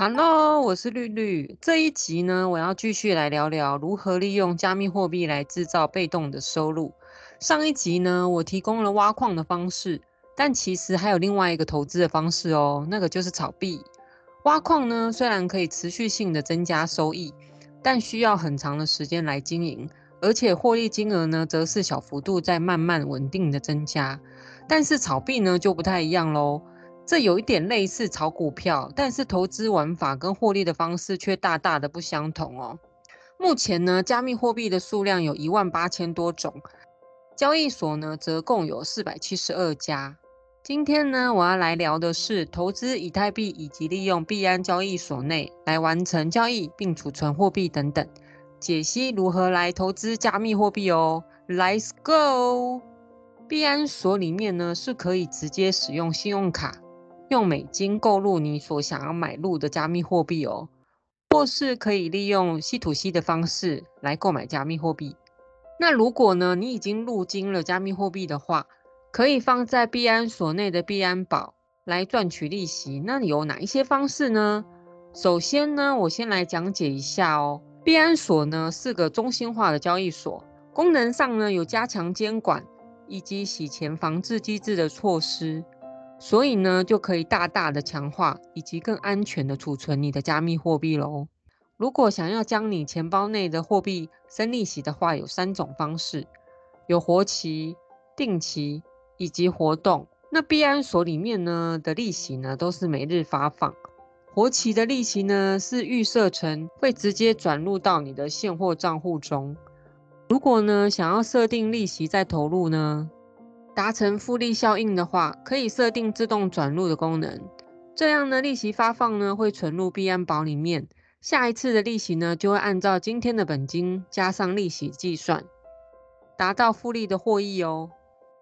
哈囉，我是綠綠。這一集呢，我要繼續來聊聊如何利用加密貨幣來製造被動的收入。上一集呢，我提供了挖礦的方式，但其實還有另外一個投資的方式哦、喔，那個就是炒幣。挖礦呢，雖然可以持續性的增加收益，但需要很長的時間來經營，而且獲利金額呢，則是小幅度在慢慢穩定的增加。但是炒幣呢，就不太一樣嘍。這有一點類似炒股票，但是投資玩法跟獲利的方式卻大大的不相同哦。目前呢，加密貨幣的數量有一萬八千多種，交易所，呢則共有四百七十二家。今天呢，我要來聊的是投資以太幣以及利用幣安交易所內來完成交易並儲存貨幣等等，解析如何來投資加密貨幣哦。Let's go！幣安所裡面呢是可以直接使用信用卡。用美金購入你所想要買入的加密貨幣哦，或是可以利用稀土 C 的方式來購買加密貨幣。那如果呢，你已經入金了加密貨幣的話，可以放在避安所內的避安寶來賺取利息。那你有哪一些方式呢？首先呢，我先來講解一下哦。避安所呢是個中心化的交易所，功能上呢有加強監管以及洗錢防治機制的措施。所以呢，就可以大大的強化以及更安全的儲存你的加密貨幣嘍。如果想要將你錢包內的貨幣生利息的話，有三種方式：有活期、定期以及活動。那幣安所裡面呢的利息呢，都是每日發放。活期的利息呢是預設成會直接轉入到你的現貨賬戶中。如果呢，想要設定利息再投入呢，達成複利效應的話，可以設定自動轉入的功能，這樣呢，利息發放呢會存入幣安寶裡面，下一次的利息呢就會按照今天的本金加上利息計算，達到複利的獲益哦。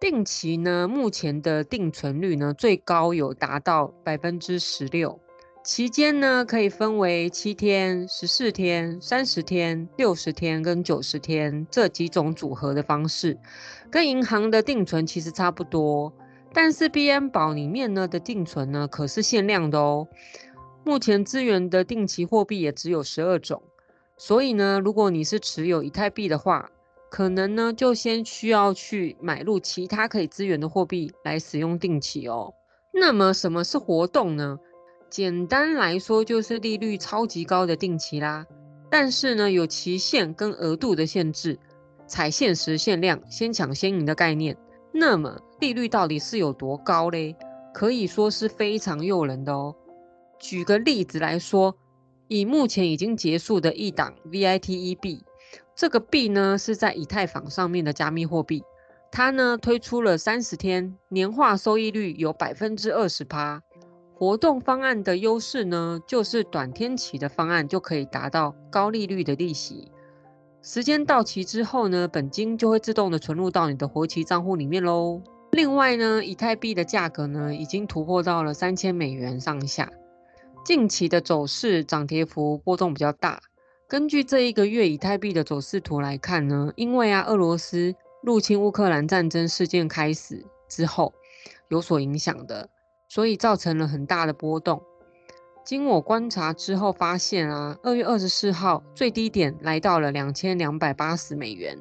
定期呢，目前的定存率呢最高有達到百分之十六。期間呢，可以分為七天、十四天、三十天、六十天跟九十天這幾種組合的方式，跟銀行的定存其實差不多。但是幣安寶裡面呢的定存呢可是限量的哦。目前支援的定期貨幣也只有十二種，所以呢，如果你是持有以太幣的話，可能呢就先需要去買入其他可以支援的貨幣來使用定期哦。那麼什麼是活動呢？簡單來說，就是利率超級高的定期啦，但是呢，有期限跟額度的限制，採限時限量、先搶先贏的概念。那麼利率到底是有多高嘞？可以說是非常誘人的哦。舉個例子來說，以目前已經結束的一檔 VITE 幣這個幣呢是在以太坊上面的加密貨幣，它呢推出了三十天，年化收益率有百分之二十八。活動方案的優勢呢，就是短天期的方案就可以達到高利率的利息。時間到期之後呢，本金就會自動的存入到你的活期賬戶裡面嘍。另外呢，以太幣的價格呢，已經突破到了三千美元上下。近期的走勢漲跌幅波動比較大。根據這一個月以太幣的走勢圖來看呢，因為啊，俄羅斯入侵烏克蘭戰爭事件開始之後，有所影響的。所以造成了很大的波動。經我觀察之後發現啊，二月二十四號最低點來到了兩千兩百八十美元。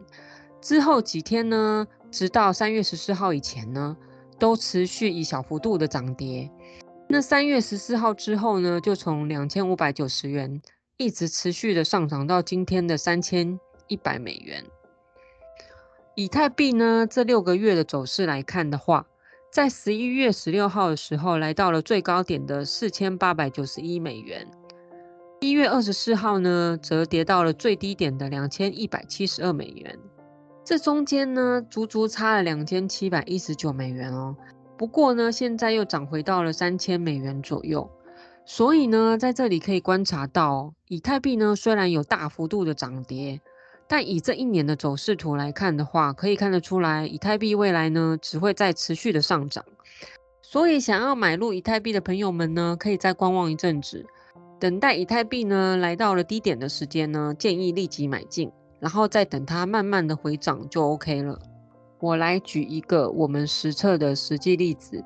之後幾天呢，直到三月十四號以前呢，都持續以小幅度的漲跌。那三月十四號之後呢，就從兩千五百九十元一直持續的上漲到今天的三千一百美元。以太幣呢，這六個月的走勢來看的話，在十一月十六號的時候，來到了最高點的四千八百九十一美元。一月二十四號呢，則跌到了最低點的兩千一百七十二美元。這中間呢，足足差了兩千七百一十九美元哦。不過呢，現在又漲回到了三千美元左右。所以呢，在這裡可以觀察到，以太幣呢，雖然有大幅度的漲跌。但以這一年的走勢圖來看的話，可以看得出來，以太幣未來呢，只會在持續的上漲。所以想要買入以太幣的朋友們呢，可以再觀望一陣子，等待以太幣呢來到了低點的時間呢，建議立即買進，然後再等它慢慢的回漲就 OK 了。我來舉一個我們實測的實際例子，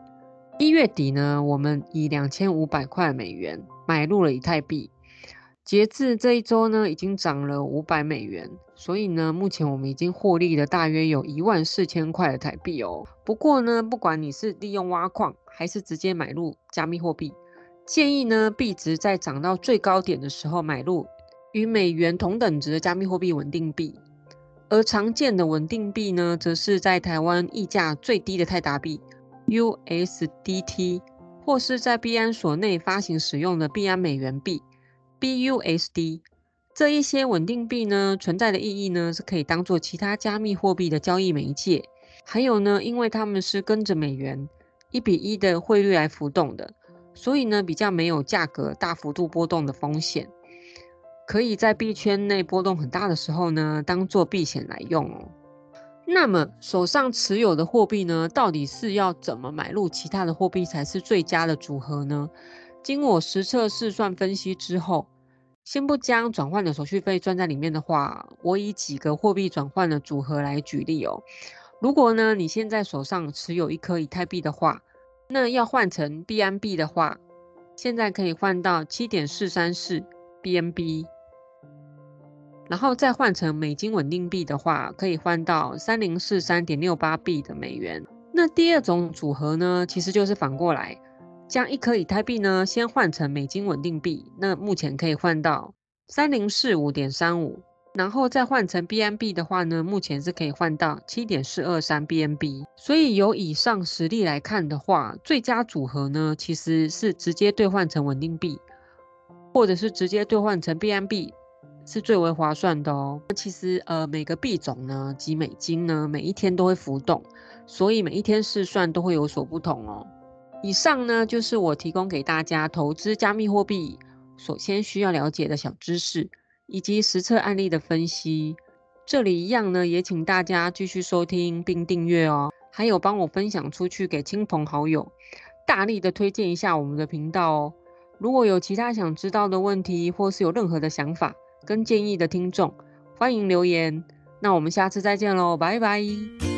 一月底呢，我們以兩千五百塊美元買入了以太幣。截至這一週呢，已經漲了五百美元，所以呢，目前我們已經獲利了大約有一萬四千塊的台幣哦。不過呢，不管你是利用挖礦還是直接買入加密貨幣，建議呢，幣值在漲到最高點的時候買入，與美元同等值的加密貨幣穩定幣。而常見的穩定幣呢，則是在台灣溢價最低的泰達幣 （USDT） 或是在幣安所內發行使用的幣安美元幣。BUSD 這一些穩定幣呢，存在的意義呢，是可以當做其他加密貨幣的交易媒介。還有呢，因為他們是跟着美元一比一的匯率來浮動的，所以呢，比較沒有價格大幅度波動的風險，可以在幣圈內波動很大的時候呢，當做避險來用哦。那麼手上持有的貨幣呢，到底是要怎麼買入其他的貨幣才是最佳的組合呢？經我實測試算分析之後。先不將轉換的手續費算在裡面的話，我以幾個貨幣轉換的組合來舉例哦。如果呢，你現在手上持有一顆以太幣的話，那要換成 BNB 的話，現在可以換到七點四三四 BNB，然後再換成美金穩定幣的話，可以換到三零四三點六八幣的美元。那第二種組合呢，其實就是反過來。將一顆以太幣呢，先換成美金穩定幣，那目前可以換到三零四五點三五，然後再換成 BNB 的話呢，目前是可以換到七點四二三 BNB。所以由以上實例來看的話，最佳組合呢，其實是直接兌換成穩定幣，或者是直接兌換成 BNB，是最為划算的哦。其實呃，每個幣種呢，及美金呢，每一天都會浮動，所以每一天試算都會有所不同哦。以上呢，就是我提供給大家投資加密貨幣首先需要了解的小知識，以及實測案例的分析。這裡一樣呢，也請大家繼續收聽並訂閱哦，還有幫我分享出去給親朋好友，大力的推薦一下我們的頻道哦。如果有其他想知道的問題，或是有任何的想法跟建議的聽眾，歡迎留言。那我們下次再見嘍，拜拜。